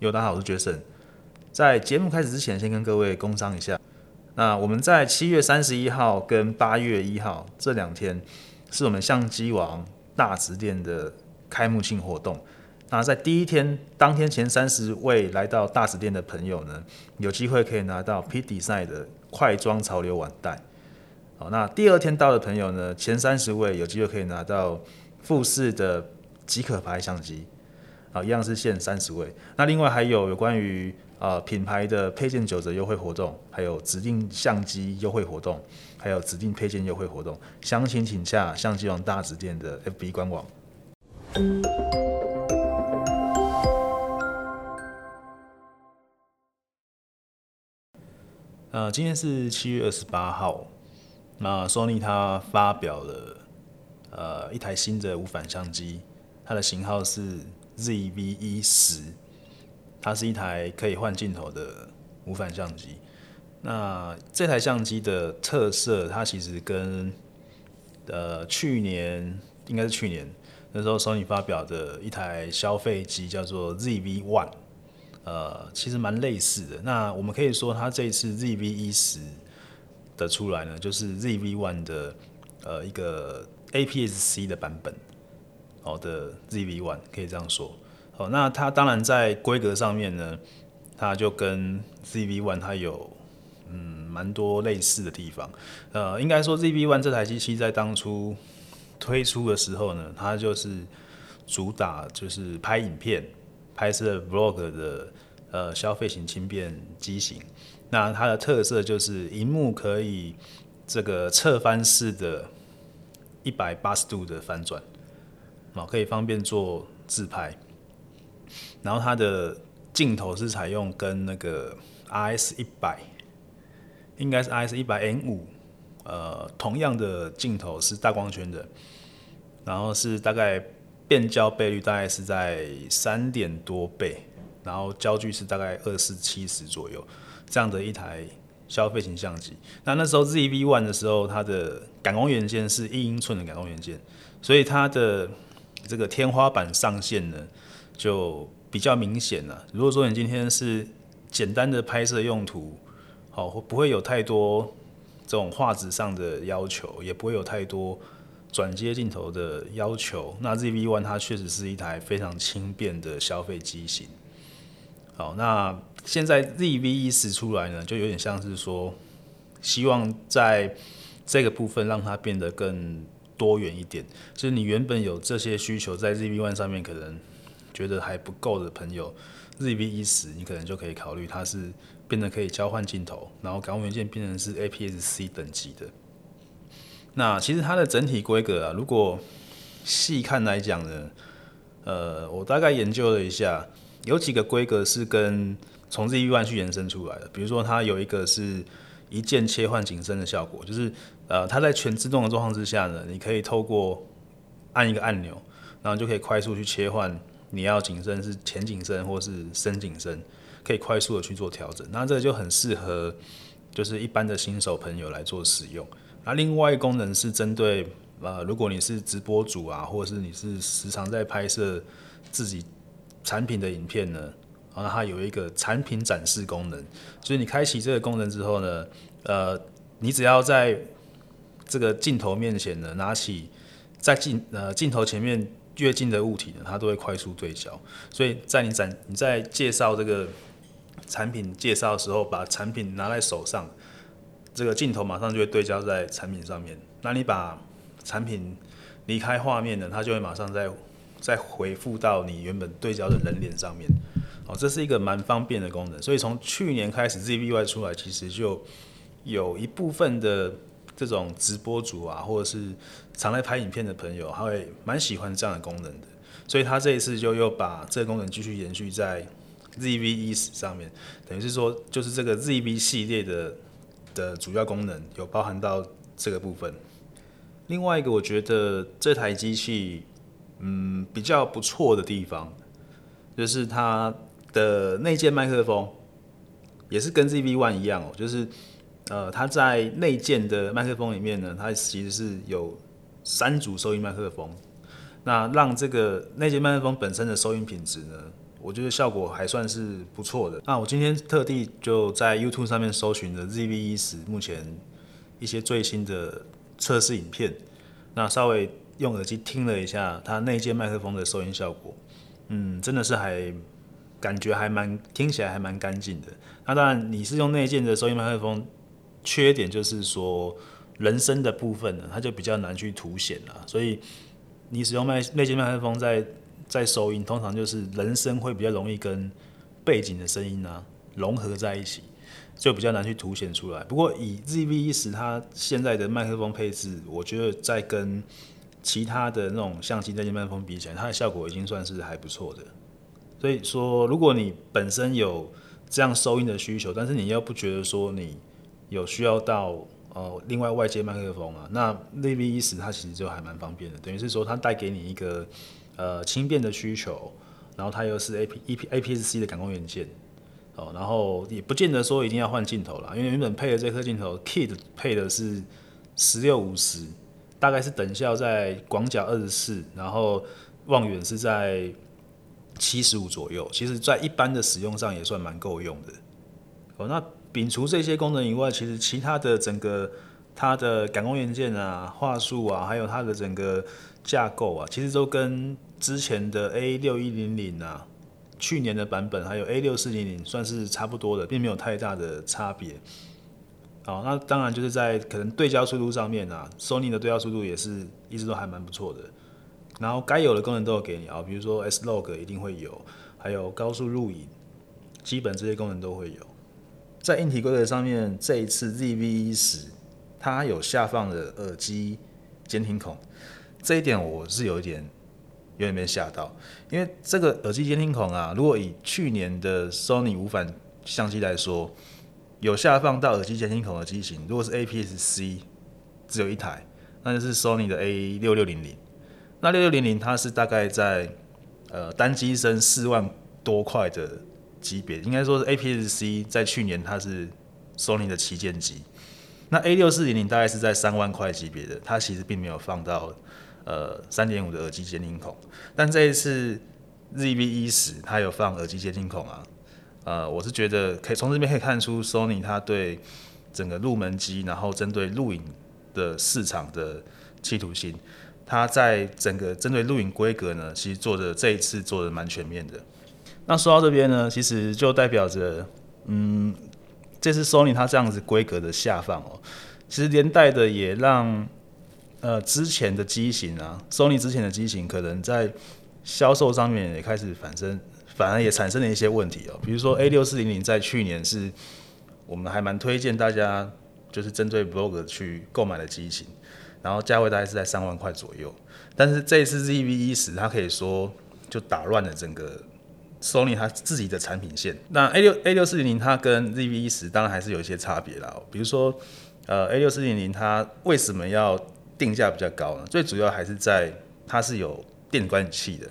有大家好，我是 Jason，在節目開始之前，先跟各位工商一下。那我們在七月三十一號跟八月一號這兩天，是我們相機王大直店的開幕慶活動。那在第一天，當天前三十位來到大直店的朋友呢，有機會可以拿到 Peak Design 的快裝潮流腕帶。好，那第二天到的朋友呢，前三十位有機會可以拿到富士的即可拍相機。一樣是限三十位。那另外還有有關於呃品牌的配件九折優惠活動，還有指定相機優惠活動，還有指定配件優惠活動。詳情請洽相機王大直店的 FB 官網。呃，今天是七月二十八號，那 Sony 它發表了呃一台新的無反相機，它的型號是，ZV-E10，它是一台可以換鏡頭的無反相機。那這台相機的特色，它其實跟呃去年應該是去年那時候，Sony 發表的一台消費機叫做 ZV-1，呃，其實蠻類似的。那我們可以說，它這一次 ZV-E10 的出來呢，就是 ZV-1 的呃一個 APS-C 的版本。好的，ZV-1 可以這樣說。好，那它當然在規格上面呢，它就跟 ZV-1 它有嗯蠻多類似的地方。呃，應該說 ZV-1 這台機器在當初推出的時候呢，它就是主打就是拍影片，拍攝 Vlog 的呃消費型輕便機型。那它的特色就是熒幕可以這個側翻式的180度的翻轉。可以方便做自拍，然後它的鏡頭是採用跟那個 R S 一百，應該是 R S 一百 M 五，呃，同樣的鏡頭是大光圈的，然後是大概變焦倍率大概是在三點多倍，然後焦距是大概二四七零左右，這樣的一台消費型相機。那那時候 Z V One 的時候，它的感光元件是一英寸的感光元件，所以它的這個天花板上限呢，就比較明顯了。如果說你今天是簡單的拍攝用途，好，不會有太多這種畫質上的要求，也不會有太多轉接鏡頭的要求。那 ZV-1 它確實是一台非常輕便的消費機型。好，那現在 ZV-E10 出來呢，就有點像是說，希望在這個部分讓它變得更多元一點，就是你原本有這些需求在 ZV-1 上面可能覺得還不夠的朋友，ZV-E10 你可能就可以考慮，它是變得可以交換鏡頭，然後感光元件變成是 APS-C 等級的。那其實它的整體規格啊，如果細看來講呢，呃，我大概研究了一下，有幾個規格是跟從 ZV-1 去延伸出來的，比如說它有一個是一鍵切換景深的效果，就是。呃，它在全自動的狀況之下呢，你可以透過按一個按鈕，然後你就可以快速去切換你要景深是前景深或是深景深，可以快速的去做調整。那這個就很適合就是一般的新手朋友來做使用。那另外一個功能是針對呃，如果你是直播主啊，或者是你是時常在拍攝自己產品的影片呢，然後它有一個產品展示功能。所以你開啟這個功能之後呢，呃，你只要在這個鏡頭面前呢，拿起在鏡呃鏡頭前面越近的物體呢，它都會快速對焦。所以在你展你在介紹這個產品介紹的時候，把產品拿在手上，這個鏡頭馬上就會對焦在產品上面。那你把產品離開畫面呢，它就會馬上再再恢復到你原本對焦的人臉上面。哦，這是一個蠻方便的功能。所以從去年開始，ZVY 出來，其實就有一部分的。這種直播主啊，或者是常來拍影片的朋友，他會蠻喜歡這樣的功能的。所以他這一次就又把這個功能繼續延續在 ZV-E10 上面，等於是說，就是這個 ZV 系列的的主要功能有包含到這個部分。另外一個我覺得這台機器，嗯，比較不錯的地方，就是它的內建麥克風，也是跟 ZV1 一樣哦、喔，就是。呃，它在內建的麥克風裡面呢，它其實是有三組收音麥克風，那讓這個內建麥克風本身的收音品質呢，我覺得效果還算是不錯的。那我今天特地就在 YouTube 上面搜尋了 ZV-E10 目前一些最新的測試影片，那稍微用耳機聽了一下它內建麥克風的收音效果，嗯，真的是還，感覺還蠻，聽起來還蠻乾淨的。那當然你是用內建的收音麥克風。缺點就是說，人聲的部分呢，它就比較難去凸顯了。所以，你使用麥內建麥克風在在收音，通常就是人聲會比較容易跟背景的聲音呢、啊、融合在一起，就比較難去凸顯出來。不過，以 ZV 一十它現在的麥克風配置，我覺得在跟其他的那種相機內建麥克風比起來，它的效果已經算是還不錯的。所以說，如果你本身有這樣收音的需求，但是你要不覺得說你有需要到呃另外外接麥克風啊，那 ZV-E10，它其實就還蠻方便的，等於是說它帶給你一個呃輕便的需求，然後它又是 A P A P APS-C 的感光元件哦，然後也不見得說一定要換鏡頭啦，因為原本配的這顆鏡頭 Kit 配的是十六五十，大概是等效在廣角二十四，然後望遠是在七十五左右，其實在一般的使用上也算蠻夠用的哦，那。摒除這些功能以外，其實其他的整個它的感光元件啊、畫素啊，還有它的整個架構啊，其實都跟之前的 A 六一零零啊、去年的版本還有 A 六四零零算是差不多的，並沒有太大的差別。好，那當然就是在可能對焦速度上面啊，Sony 的對焦速度也是一直都還蠻不錯的。然後該有的功能都有給你，啊，比如說 S Log 一定會有，還有高速錄影，基本這些功能都會有。在硬體規格上面，這一次 ZV-E10 它有下放的耳機監聽孔，這一點我是有一點有點被嚇到，因為這個耳機監聽孔啊，如果以去年的 Sony 無反相機來說，有下放到耳機監聽孔的機型，如果是 APS-C，只有一台，那就是 Sony 的 A6600。那6600它是大概在呃單機身四萬多塊的。級別應該說是 APS-C 在去年它是 Sony 的旗艦機，那 A6400 大概是在三萬塊級別的，它其實並沒有放到呃三點五的耳機監聽孔，但這一次 ZV-E10 它有放耳機監聽孔啊，呃我是覺得可以從這邊可以看出 Sony 它對整個入門機，然後針對錄影的市場的企圖心，它在整個針對錄影規格呢，其實做的這一次做的蠻全面的。那說到這邊呢，其實就代表着，嗯，這次 n y 它這樣子規格的下放哦，其實連帶的也讓呃之前的機型啊，s o n y 之前的機型可能在銷售上面也開始反正反而也產生了一些問題哦，比如說 A6400 在去年是我們還蠻推薦大家就是針對 vlog 去購買的機型，然後價位大概是在三萬塊左右，但是這一次 ZV 一十它可以說就打亂了整個。索尼它自己的產品線，那 A 六 A 六四零零它跟 ZV-E10 當然還是有一些差別啦。比如說，呃 A 六四零零它為什麼要定價比較高呢？最主要還是在它是有電子觀景器的。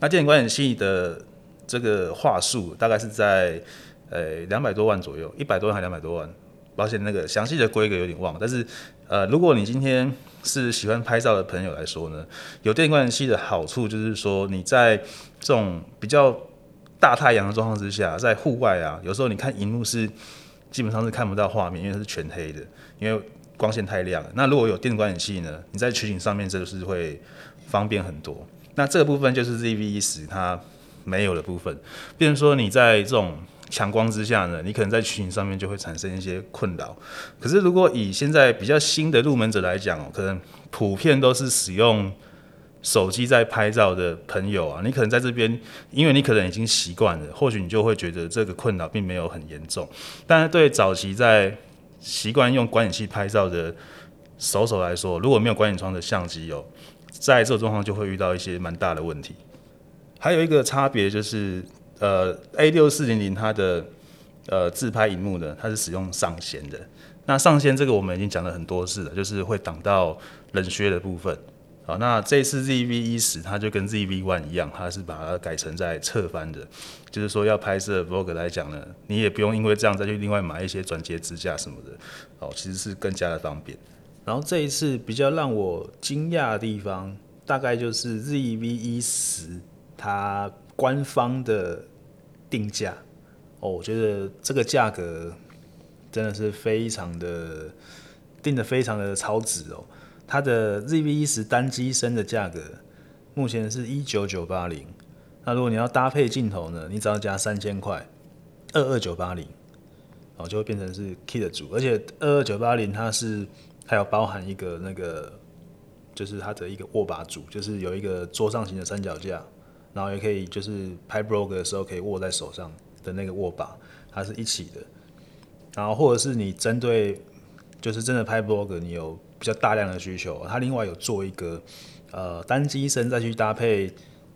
那電子觀景器的這個畫素大概是在呃兩百多萬左右，一百多萬還兩百多萬，抱歉那個詳細的規格有點忘了。但是呃如果你今天是喜歡拍照的朋友來說呢，有電子觀景器的好處就是說你在這種比較大太陽的狀況之下，在戶外啊，有時候你看熒幕是基本上是看不到畫面，因為它是全黑的，因為光線太亮了。那如果有電子觀景器呢，你在取景上面這個是會方便很多。那這個部分就是 ZV-E10 它沒有的部分。比如說，你在這種強光之下呢，你可能在取景上面就會產生一些困擾。可是如果以現在比較新的入門者來講哦，可能普遍都是使用。手機在拍照的朋友啊，你可能在這邊，因為你可能已經習慣了，或許你就會覺得這個困擾並沒有很嚴重。但是對早期在習慣用觀景器拍照的手手來說，如果沒有觀景窗的相機哦，喔，在這種狀況就會遇到一些蠻大的問題。還有一個差別就是，呃，A6400 它的呃自拍熒幕呢，它是使用上弦的。那上弦這個我們已經講了很多次了，就是會擋到冷靴的部分。那這次 ZV-E10 它就跟 ZV-1 一樣，它是把它改成在側翻的，就是說要拍攝 vlog 來講呢，你也不用因為這樣再去另外買一些轉接支架什麼的，哦，其實是更加的方便。然後這一次比較讓我驚訝的地方，大概就是 ZV-E10 它官方的定價，哦，我覺得這個價格真的是非常的，定的非常的超值哦。它的 ZV-E10 單機身的價格目前是一九九八零，那如果你要搭配鏡頭呢，你只要加三千塊，二二九八零，然後就會變成是 kit 組，而且二二九八零它是它有包含一個那個，就是它的一個握把組，就是有一個桌上型的三腳架，然後也可以就是拍 vlog 的時候可以握在手上的那個握把，它是一起的，然後或者是你針對就是真的拍 vlog，你有比較大量的需求，它另外有做一個呃單機身再去搭配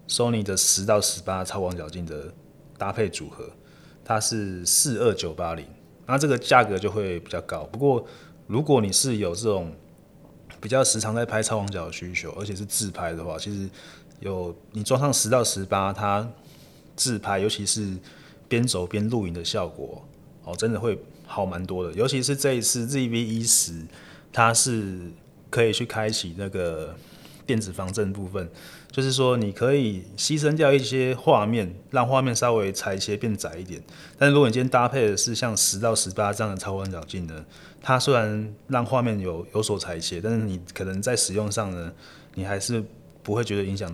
Sony 的十到十八超廣角鏡的搭配組合，它是四二九八零，那這個價格就會比較高。不過如果你是有這種比較時常在拍超廣角的需求，而且是自拍的話，其實有你裝上十到十八，它自拍，尤其是邊走邊錄影的效果哦，真的會好蠻多的。尤其是這一次 ZV-E10。它是可以去開啟那個電子防震部分，就是說你可以犧牲掉一些畫面，讓畫面稍微裁切變窄一點，但是如果你今天搭配的是像十到十八這樣的超廣角鏡呢，它雖然讓畫面有有所裁切，但是你可能在使用上呢，你還是不會覺得影響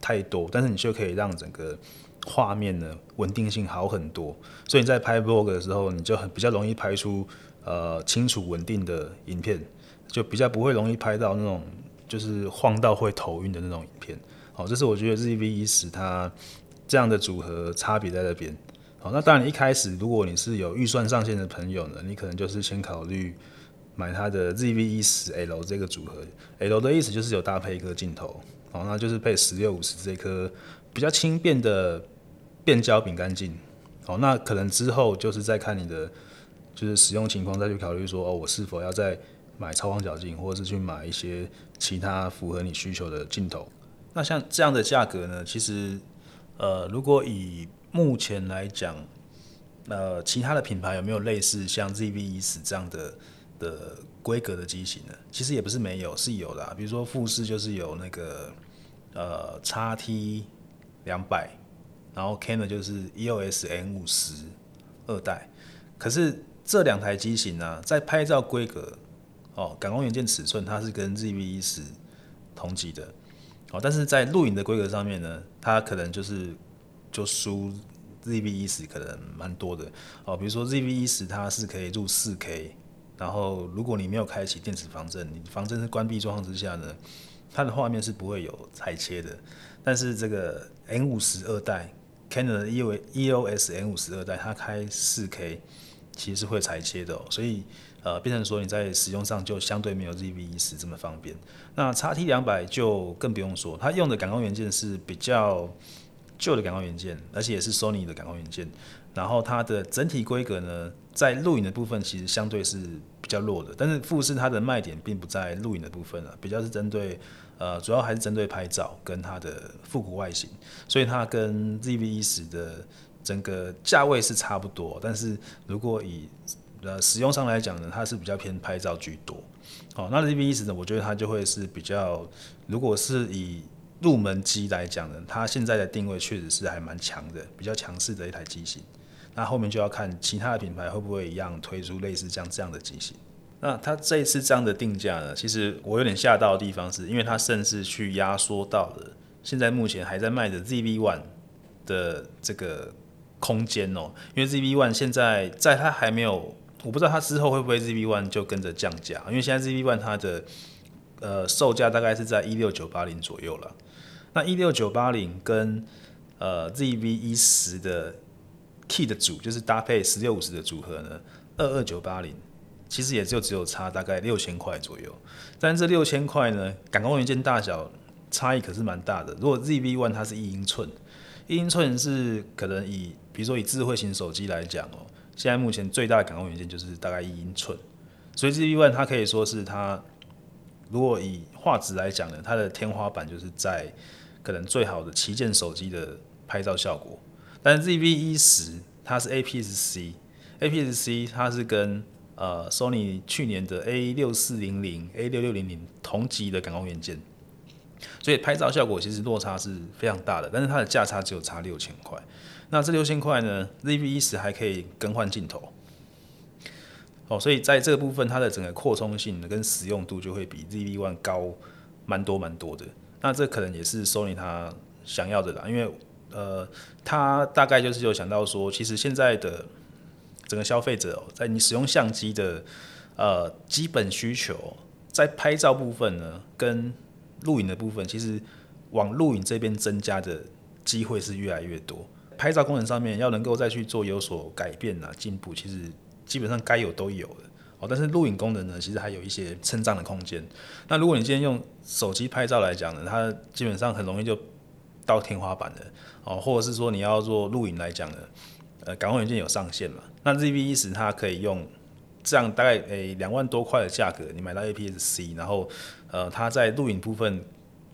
太多，但是你卻可以讓整個畫面的穩定性好很多。所以你在拍 vlog 的時候，你就很比較容易拍出呃清楚穩定的影片。就比較不會容易拍到那種就是晃到會頭暈的那種影片，好，這是我覺得 ZV-E10 它這樣的組合差別在這邊。好，那當然一開始如果你是有預算上限的朋友呢，你可能就是先考慮買它的 ZV-E10L 這個組合，L 的意思就是有搭配一個鏡頭，好，那就是配十六五十這顆比較輕便的變焦餅干鏡，好，那可能之後就是再看你的就是使用情況再去考慮說哦，我是否要在買超廣角鏡，或是去買一些其他符合你需求的鏡頭。那像這樣的價格呢？其實，呃，如果以目前來講，呃，其他的品牌有沒有類似像 ZV-E10 這樣的的規格的機型呢？其實也不是沒有，是有的、啊。比如說富士就是有那個呃 X T 兩百，XT200, 然後 Canon 就是 EOS M50 二代。可是這兩台機型呢、啊，在拍照規格。哦，感光元件尺寸它是跟 ZV-E10 同級的，哦，但是在錄影的規格上面呢，它可能就是就輸 ZV-E10 可能蠻多的，哦，比如說 ZV-E10 它是可以入 4K，然後如果你沒有開啟電子防震，你防震是關閉狀況之下呢，它的畫面是不會有裁切的，但是這個 M50 二代 Canon 的 EOS M50 二代它開 4K 其實是會裁切的、哦，所以。呃，變成說你在使用上就相對沒有 ZV-E10 這麼方便。那 X-T200 就更不用說，它用的感光元件是比較舊的感光元件，而且也是 Sony 的感光元件。然後它的整體規格呢，在錄影的部分其實相對是比較弱的。但是富士它的賣點並不在錄影的部分啊，比較是針對呃，主要還是針對拍照跟它的復古外形。所以它跟 ZV-E10 的整個價位是差不多。但是如果以使用上來講呢，它是比較偏拍照居多。哦，那 ZV-E10 呢，我覺得它就會是比較，如果是以入門機來講呢，它現在的定位確實是還蠻強的，比較強勢的一台機型。那後面就要看其他的品牌會不會一樣推出類似像這樣的機型。那它這一次這樣的定價呢，其實我有點嚇到的地方，是因為它甚至去壓縮到了現在目前還在賣的 ZV-1 的這個空間哦、喔，因為 ZV-1 現在在它還沒有。我不知道它之後會不會 ZV One 就跟着降價，因為現在 ZV One 它的呃售價大概是在一六九八零左右了。那一六九八零跟呃 ZV 一十的 Key 的組，就是搭配十六五十的組合呢，二二九八零，其實也就只有差大概六千塊左右。但這六千塊呢，感光元件大小差異可是蠻大的。如果 ZV One 它是一英寸，一英寸是可能以，比如說以智慧型手機來講哦、喔。現在目前最大的感光元件就是大概一英寸，所以 ZV-1 它可以說是它，如果以畫質來講呢，它的天花板就是在可能最好的旗艦手機的拍照效果。但是 ZV-E10 它是 APS-C，APS-C 它是跟呃 Sony 去年的 A 六四零零 A 六六零零同級的感光元件，所以拍照效果其實落差是非常大的，但是它的價差只有差六千塊。那這六千塊呢，ZV-E10 還可以更換鏡頭。哦、oh,，所以在這個部分，它的整個擴充性跟使用度就會比 ZV one 高蠻多蠻多的。那這可能也是 Sony 它想要的啦，因為呃，它大概就是有想到說，其實現在的整個消費者、哦、在你使用相機的呃基本需求，在拍照部分呢，跟錄影的部分，其實往錄影這邊增加的機會是越來越多。拍照功能上面要能夠再去做有所改變啊，進步，其實基本上該有都有的哦。但是錄影功能呢，其實還有一些成長的空間。那如果你今天用手機拍照來講呢，它基本上很容易就到天花板了哦。或者是說你要做錄影來講呢，呃，感光元件有上限嘛。那 ZV-E10 它可以用這樣大概誒兩萬多塊的價格，你買到 APS-C，然後呃，它在錄影部分，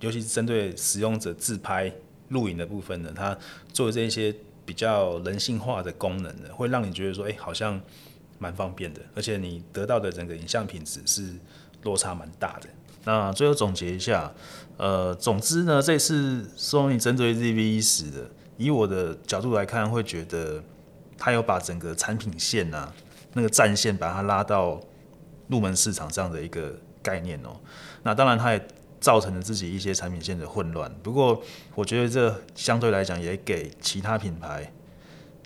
尤其是針對使用者自拍。錄影的部分呢，它做了這一些比較人性化的功能呢，會讓你覺得說，哎、欸，好像蠻方便的，而且你得到的整個影像品質是落差蠻大的。那最後總結一下，呃，總之呢，這次索尼針對 ZV-E10 的，以我的角度來看，會覺得它有把整個產品線啊，那個戰線把它拉到入門市場上的一個概念哦。那當然，它也。造成了自己一些產品線的混亂。不過，我覺得這相對來講也給其他品牌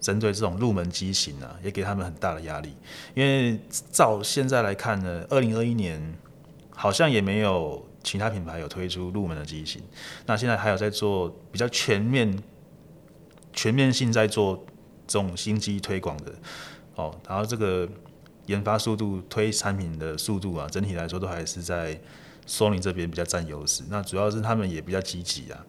針對這種入門機型啊，也給他們很大的壓力。因為照現在來看呢，二零二一年好像也沒有其他品牌有推出入門的機型。那現在還有在做比較全面、全面性在做這種新機推廣的哦。然後這個研發速度、推產品的速度啊，整體來說都還是在。Sony 這邊比較佔優勢，那主要是他們也比較積極啊，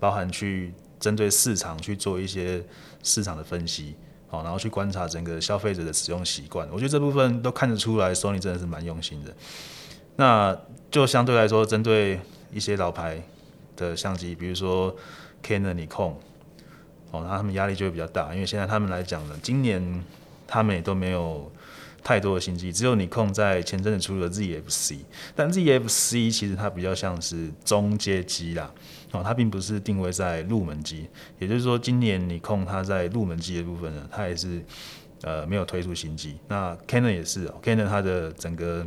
包含去針對市場去做一些市場的分析，好、哦，然後去觀察整個消費者的使用習慣，我覺得這部分都看得出來，Sony 真的是蠻用心的。那就相對來說，針對一些老牌的相機，比如說 Canon、尼康，哦，那他們壓力就會比較大，因為現在他們來講呢，今年他們也都沒有。太多的新機，只有 Nikon 在前陣子出了 ZFC，但 ZFC 其實它比較像是中階機啦，哦，它並不是定位在入門機，也就是說今年 Nikon 它在入門機的部分呢，它也是呃沒有推出新機。那 Canon 也是哦，Canon 它的整個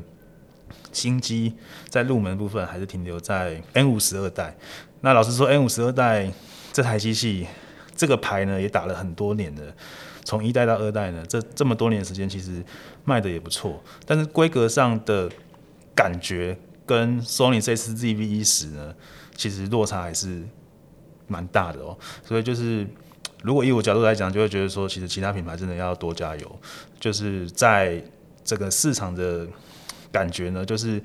新機在入門部分還是停留在 M50 二代。那老實說，M50 二代這台機器這個牌呢也打了很多年了。從一代到二代呢，這這麼多年時間其實賣的也不錯，但是規格上的感覺跟 Sony 這次 ZV-E10 呢，其實落差還是蠻大的哦。所以就是，如果以我角度來講，就會覺得說，其實其他品牌真的要多加油。就是在這個市場的感覺呢，就是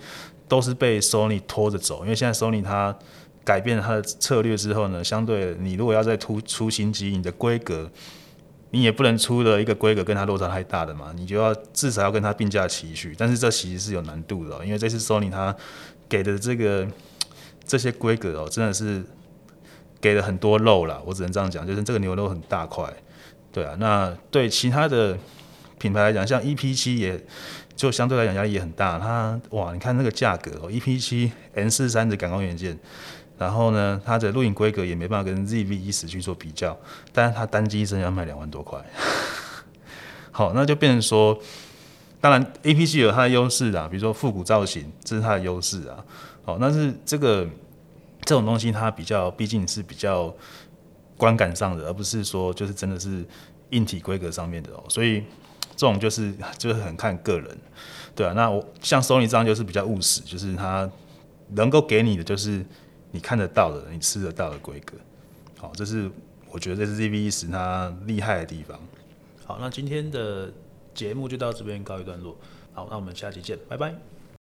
都是被 Sony 拖着走，因為現在 Sony 它改變它的策略之後呢，相對你如果要再突出新機，你的規格。你也不能出的一個規格跟它落差太大的嘛，你就要至少要跟它並駕齊驅，但是這其實是有難度的哦，因為這次索尼它給的這個這些規格哦，真的是給了很多肉了，我只能這樣講，就是這個牛肉很大塊，對啊，那對其他的品牌來講，像 E P 七也就相對來講，壓力也很大，它哇，你看那個價格哦，E P 七 M 四三的感光元件。然後呢，它的錄影規格也沒辦法跟 ZV-E10 去做比較，但是它單機身要賣兩萬多塊。 好，那就變成說，當然 APC 有它的優勢啦、啊，比如說復古造型，這是它的優勢啊。好，但是這個這種東西它比較畢竟是比較觀感上的，而不是說就是真的是硬體規格上面的哦。所以這種就是就是很看個人，對啊。那我像 Sony 這樣就是比較務實，就是它能夠給你的就是。你看得到的，你吃得到的規格，好，這是我覺得這支 ZV-E10 它厲害的地方。好，那今天的節目就到這邊告一段落。好，那我們下期見，拜拜。